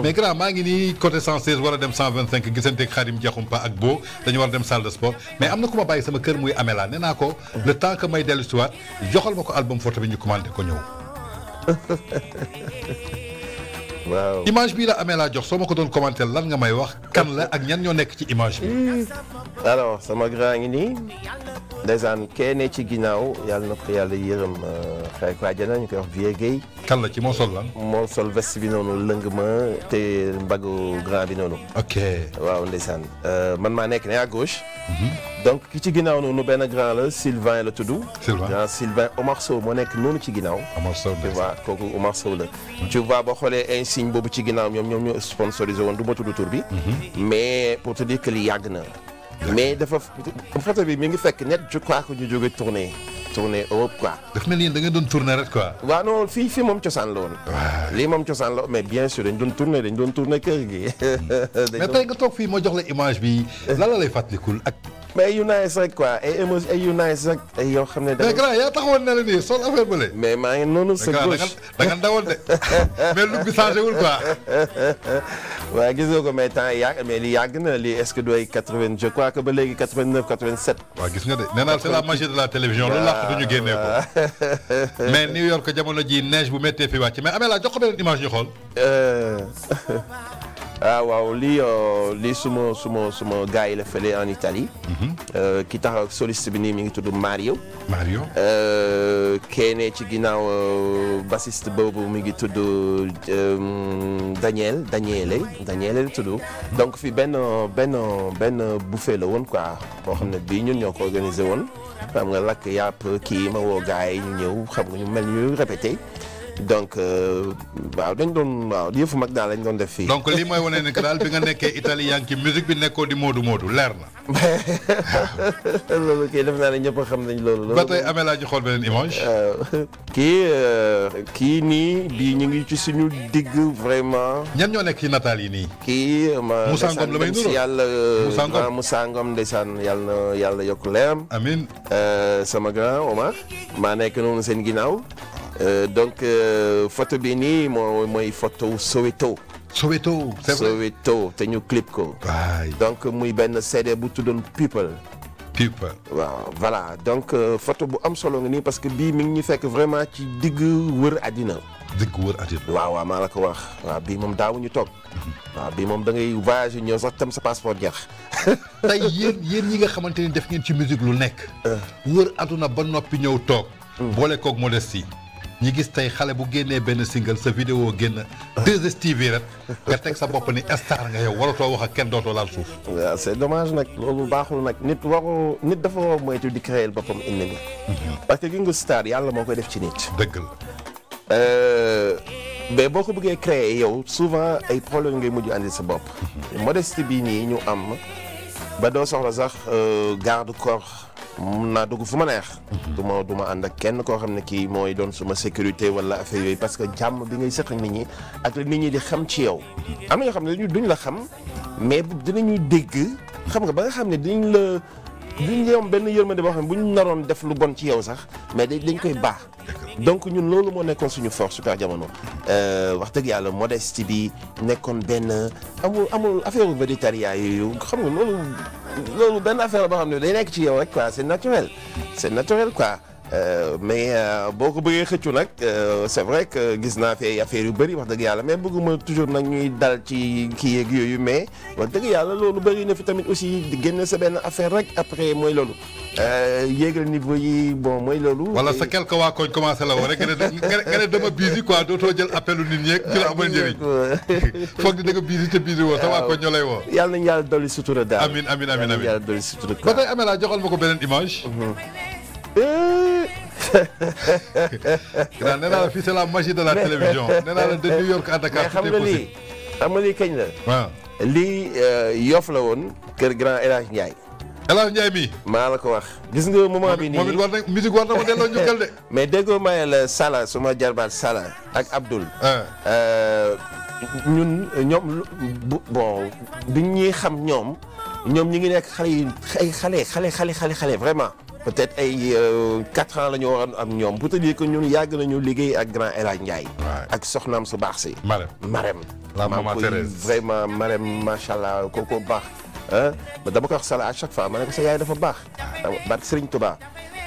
mais grand maa ngi nii côté 116 war a dem 125 gisanteeg Xarim Diakhoumpa ak Bo dañu war a dem salle de sport mais am na ku ma bàyyi sama kër muy Amela nee naa ko. le temps que may dellu si waat joxal ma ko album photo bi ñu commandé ko ñëw. waaw image bii la laa jox soo ma ko doon commenté lan nga may wax kan la ak ñan ñoo nekk ci image bi. Hmm. alors sama grand ngi nii. ndeysaan keene ci ginnaaw yàlla na ko yàlla yërëm xare euh, ko àjjana ñu koy wax Vieux Guèye kan la ci moo sol lan moo sol veste bi noonu lëng ma te mbaggu grand bi noonu ok waaw ndeysaan euh, man maa nekk ne à gauche mhm. donc ki ci ginnaaw noonu benn grand la Sylvain la tudd grand Sylvain Omar Sow moo nekk noonu ci ginnaaw Omar Sow tu vois kooku Omar Sow la tu vois boo xoolee insigne boobu ci ginnaaw ñoom ñoom ñoo sponsorisé woon du ma tudd tur bi mhm. mais pour te dire que yàgg na mais dafa photo bi mi ngi fekk net je crois que ñu jóge tournée tournée Europe quoi. daf mel ni da nga doon tourné rek quoi. waaw non fii fii moom cosaan la woon. lii moom cosaan la mais bien sûr dañ doon tourné dañ doon tourné kër gi. Hmm. mais tey nga toog fii moo jox la image bi lan la lay fàttalikul ak. mais yu nice rek quoi ay émotion ay yu nice rek ay yoo xam ne. mais grand yaa taxawoon na la nii sol affaire bële. mais maa ngi noonu sa gauche da nga dawal de mais lu bi changé wul quoi. waaw gis nga ko mais temps yàgg mais li yàgg na lii est ce que doy quatre vingt je crois que ba léegi quatre vingt neuf quatre vingt sept. waaw gis nga de nee naa c'est la magie de la télévision. waaw lu làq du ñu génnee ko. mais New York jamono ji neige bu méttee fi wàcc mais amee laa jox ko beneen image ñu xool. Euh. ah waaw lii euh, lii suma suma suma gars yi la fële en Italie. ki mhm. euh, tax ak soliste bi nii mi ngi tudd Mario. Mario. Euh, keene ci ginnaaw bassiste boobu mi ngi tudd Daniel Daniele Daniele la tudd. donc fi benn benn benn buffet la woon quoi boo xam ne bii ñun ñoo ko organisé woon xam nga lakk yàpp kii ma woo gars yi ñu ñëw xam nga ñu mel ñu répété. donc euh, waaw dañ doon waaw yëfu mag daal lañ doon def fii. donc lii mooy wane ne que daal bi nga nekkee Italie yaa ngi ci musique bi nekkoo di Modou Modou leer na. loolu kay def naa ne ñëpp xam nañ loolu. ba tey amee laa ci xool beneen image. kii euh, kii nii bii ñu ngi ci suñu digg vraiment. ñan ci nataal yi nii. kii ma Moussa Ngom la may yàlla euh, Moussa Ngom Moussa Ngom yàlla na yàlla yokk leeram. amiin sama grand Omar. maa nekk noonu seen ginnaaw. Euh, donc euh, photo bi nii moo mooy photo Soweto. Soweto c'est vrai Soweto te ñu clip ko. donc muy benn CD bu tuddoon people. people waaw voilà donc euh, photo bu am solo nga nii parce que bii mi ngi ñu fekk vraiment ci digg wër àddina. digg wër àddina. waaw maa la ko wax waaw bii moom daawuñu toog. Mhm. waaw bii moom dangay ngay voyagé ñëw sax tam sa passeport jeex. tey yéen yéen nga xamante ni def ngeen ci musique lu nekk. wër àdduna ba noppi ñëw toog. Mm. boole koog modeste ñi gis tey xale bu génnee benn single sa vidéo génn 2STV rek nga teg sa bopp ni star nga yow waratoo wax ak kenn dootoo laal suuf. waaw c'est dommage nag loolu baaxul nag nit waru nit dafa war moytu di créer boppam ennemi. Mhm. parce que gi nga star yàlla moo koy def ci nit. dëgg la. Euh, mais boo ko bëggee créer yow souvent ay problème ngay mujj andi sa bopp. Mhm. modestie bii nii ñu am ba doo soxla sax euh, garde corps. mun naa dugg fu ma neex. du ma du ma ànd ak kenn koo xam ne kii mooy doon suma sécurité wala affaire yooyu parce que jàmm bi ngay sëq nit ñi ak nit ñi di xam ci yow. am na ñoo xam ne dañu duñ la xam mais dinañu dégg xam nga ba nga xam ne dinañ la duñ la yom benn yërmande boo xam ne bu ñu naroon def lu bon ci yow sax mais dañ koy baax. donc ñun loolu moo nekkoon suñu force Super Jamono euh, wax dëgg yàlla modestie bi nekkoon benn amul amul affaire végétariat yooyu xam nga loolu loolu benn affaire boo xam ne day nekk ci yow rek quoi c'est naturel c'est naturel quoi. Euh, mais euh, boo ko bëggee xëccu nag euh, c'est vrai que gis naa fi ay yu bëri wax dëgg yàlla mais bëgguma toujours nag ñuy dal ci kii yeeg yooyu mais wax dëgg yàlla loolu bëri na fi tamit aussi génne sa benn affaire rek après mooy loolu. yéegal niveau yi bon mooy loolu. wala sa quelque waa koñ commencé la woo rek nga ne nga ne dama busy quoi dootoo jël appelu nit ñeeg ci la amal njëriñ. di nga busy ca busy woo sa waa koñ ñoo lay woo. yàlla nañu yàlla dolli sutura daal. amiin ma ko beneen image. Mm-hmm. nee naa la fii c'est la magie de la télévision nee de New York à Dakar. tout est possible mais xam nga lii xam nga kañ la. waaw lii euh, yof woon kër grand El Hadj Ndiaye. El Hadj Ndiaye la ko wax. gis nga moment bi nii moom it war na de. mais déggoo maye la Sala suma jarbaat Sala ak Abdoul. Ah. Euh, ñun ñoom bon bi ñuy xam ñoom ñoom ñu ngi nekk xale yi ay xale xale xale xale xale vraiment. peut-être ay 4 euh, ans la ñu waroon am ñoom pour te dire que ñun yàgg nañu liggéey ak grand El Hadj Ndiaye. ak soxnaam su baax si. Marème Marème. la maman Thérèse vraiment Marème macha allah kooku baax. ba dama ko wax sala à chaque fois ma ne ko yaay dafa baax. barke Serigne Touba.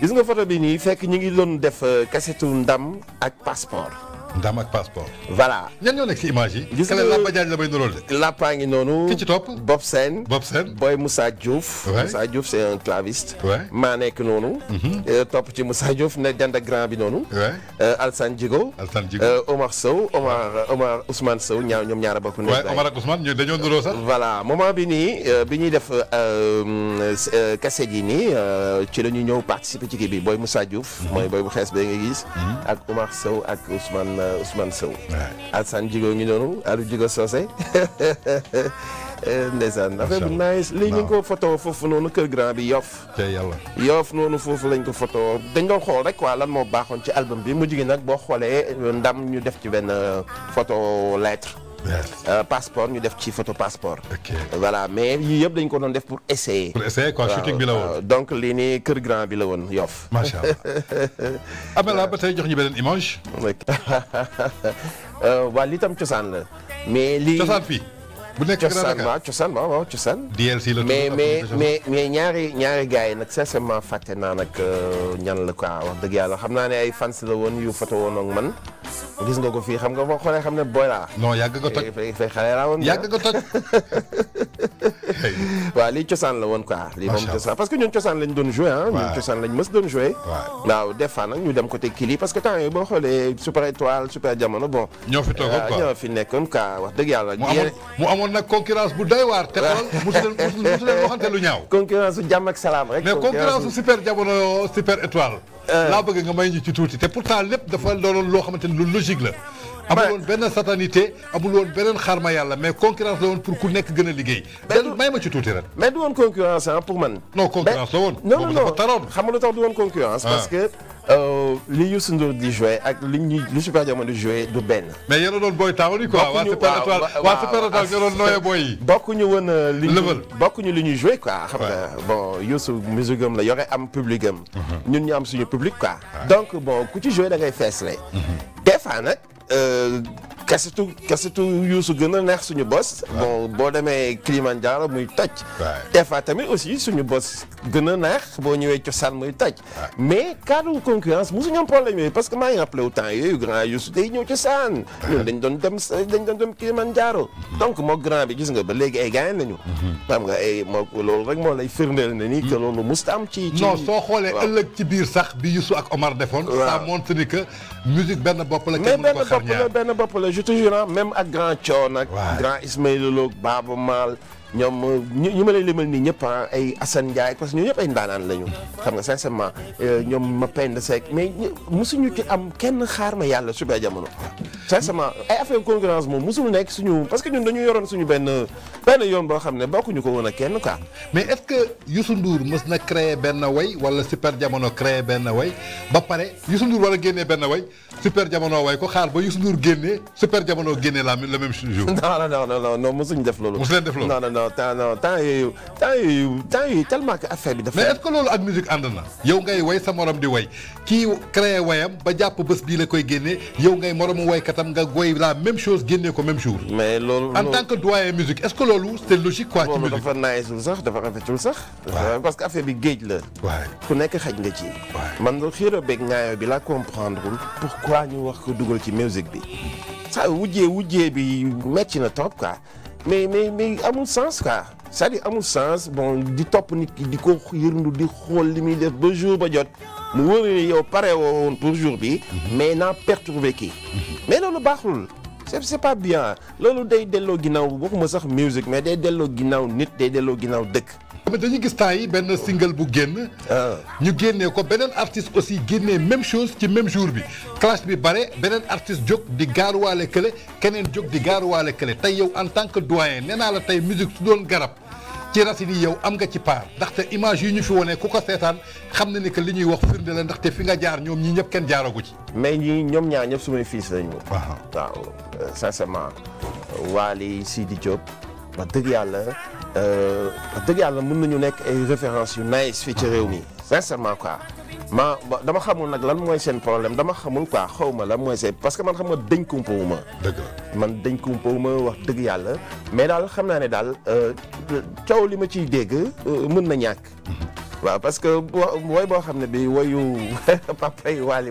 gis nga photo bi nii fekk ñu ngi doon def kasetu euh, ndam ak passeport. ndam ak passeport. voilà ñan ñoo nekk ci image yi. gis nga Lapa Diagne la may nuróol de. ngi noonu. ki ci topp Bob Sène. Bob Sène Boy Moussa Diouf. waay Moussa Diouf c'est maa nekk noonu. Mhm. Euh, topp ci Moussa Diouf ne dend grand bi noonu. waay euh, Alsane Djigo. Alsane Djigo euh, Omar Sow Omar Omar Ousmane Sow ñaar ñoom ñaar a bokk. waay Omar ak Ousmane ñoom dañoo nuróo sax. voilà bi nii bi ñuy def cassette yi nii ci la ñuy ñëw participer ci bi Boy Moussa Diouf. Mhm. mooy boy nga gis. Mhm. ak Omar Sow ak Ousmane. Euh, Ousmane Sow. Alsane Djigo ngi noonu Aliou Djigo Socé. Eh, ndeysaan affaire bu nice lii ñu ko foto foofu noonu kër grand bi Yoff. tey yàlla Yoff noonu foofu lañ ko photo dañ doon xool rek waa lan moo baaxoon ci album bi mu jigi nag boo xoolee ndam ñu def ci benn euh, photo lettre. Euh, passeport ñu def ci photo passeport. voilà mais yii yëpp dañ ko doon def pour essayer. pour essayer quoi shooting bi la woon. donc lii nii kër grand bi la woon Yoff. macha allah ba tey jox ñu beneen image. Euh, waa lii tam cosaan la. mais lii cosaan fii. bu nekk cosaan waaw cosaan waaw waaw cosaan. DLC la mais mais mais mais ñaari ñaari gars yi nag sincèrement fàtte naa nag euh, ñan la quoi wax dëgg yàlla xam naa ne ay fans la woon yu foto woon man. gis nga ko fii xam nga boo xoolee xam ne booy laa. non yàgg nga toj fay xale laa woon. yàgg nga toj. waaw lii cosaan la woon quoi. lii moom cosaan parce que ñun cosaan lañ doon joué ah. ñun cosaan lañ mës doon joué. waaw des fois nag ñu dem côté kili parce que temps yooyu boo xoolee super étoile super jamono bon. ñoo fi toogoon quoi euh, ñoo fi nekkoon quoi wax dëgg yàlla. mu amoon mu amoon nag concurrence bu doy waar. te xool mosu leen mosu leen waxante lu ñaaw. concurrence su jàmm salaam rek. mais concurrence su super jamono super étoile. Euh, laa bëgg nga may ñu ci tuuti te pourtant lépp dafa doonoon loo xamante ni lu logique la. amul woon benn satanité amul woon beneen xarma yàlla mais concurrence la woon pour ku nekk gën a liggéey. may ma ci tuuti ren. mais du woon concurrence ah pour man. non concurrence la woon. non non non xam nga lu tax du woon concurrence ah. parce que. Euh, li Youssou Ndour di joué li ñuy li Super Diamano di joué du benn. mais yéen a doon booy taawu ni quoi. waa Super Étoile bokkuñu woon euh, li ñu bokkuñu li ñuy joué quoi. xam nga bon Youssou am la yore am public am. Mhm. ñun ñu am suñu public quoi. donc bon ku ci joué da ngay fees kasetu kasetu Youssou gën a neex suñu bos. bon boo demee Kilimanjaro muy toj. des fois tamit aussi suñu bos gën a neex boo ñëwee cosaan muy toj. mais cadre concurrence mosu ñu am problème yooyu parce que maa ngi rappelé wu temps yooyu grand day ñëw cosaan. ñun dañ doon dem dañ doon dem Kilimanjaro. Mm-hmm. donc moo grand bi gis nga ba léegi ay gaañ lañu. Mm-hmm. xam nga ay moo loolu rek moo lay firndeel ne ni. que mm-hmm. loolu mosut am ci ci. non soo xoolee ëllëg ci biir sax bi Youssou ak Omar defoon. ça montre ni que musique benn bopp la. kenn bopp la benn je te jure même ak grand Thione ak grand Ismaïla Lo Baaba Maal ñoom ñu ma lay limal nii ñëpp ah, ay Assane Ndiaye parce que ñoo ñëpp ay ndaanaan lañu. xam nga sincèrement euh, ñoom ma pend seek mais mosuñu ci am kenn xaar ma yàlla su bee jamono. sincèrement ay affaire concurrence moom mosul nekk suñu parce que ñun dañu yoroon suñu benn benn yoon boo xam ne bokkuñu ko woon kenn quoi. mais est que Youssou Ndour mës na créer benn way wala super jamono créer benn way ba a génnee benn way super jamono way ko xaar ba Youssou Ndour super jamono génnee la même le même jour. def loolu. mosu leen def loolu non temps temps yooyu temps yooyu temps yooyu bi. dafa mais est-ce que loolu ak musique ànd na. yow ngay woy sa moroom di way kii créé wayam ba jàpp bés bii la koy génnee yow ngay moromu waykatam nga goy la même chose génnee ko même jour. mais loolu en tant que doyen musique est-ce que loolu c'est logique quoi. ci dafa naayesul sax dafa rafetul sax. parce que affaire bi géej la. ku nekk xaj nga ci. man xiiro beeg ñaayo bi laa comprendre pourquoi ñu wax ko dugal ci musique bi. saa wujjee wujjee bi metti na trop quoi. mais mais mais amul sens quoi cest amul sens bon di topp nit ki di ko yërndu di xool li muy def ba jour ba jot mu wóor yow pare woon pour jour bi mais naa perturbé kii mais loolu baaxul c'est c'est pas bien loolu day delloo ginnaaw waxuma sax musique mais day delloo ginnaaw nit day delloo ginnaaw dëkk mais dañu gis temps yi benn single bu génn. Ah. ñu génnee ko beneen artiste aussi génnee même chose ci même jour bi clash bi bare beneen artiste jóg di waale kële keneen jóg di gaaruwaale kële tey yow en tant que doyen nee naa la tey musique su doon garab. ci racine yi yow am nga ci part ndaxte image yi ñu fi wone ku ko seetaan xam na ni que li ñuy wax firnde la ndaxte fi nga jaar ñoom ñi ñëpp kenn jaaragu ci. mais ñi ñoom ñaar ñëpp sumay fils lañu. waaw waaw euh, sincèrement. Waly Sidi Diop wax dëgg yàlla. Euh, wax dëgg yàlla mën nañu nekk ay références yu nice fii ci réew mi sincèrement quoi ma dama xamul nag lan mooy seen problème dama xamul quoi xaw ma lan mooy seen parce que man xam nga dañ kumpawu ma. dëgg la man dañ kumpawu ma wax dëgg yàlla mais daal xam naa ne daal euh, coow li ma ciy dégg euh, mën na ñàkk. Mhm. waaw parce que boo boo xam ne bi woyu papa yi waali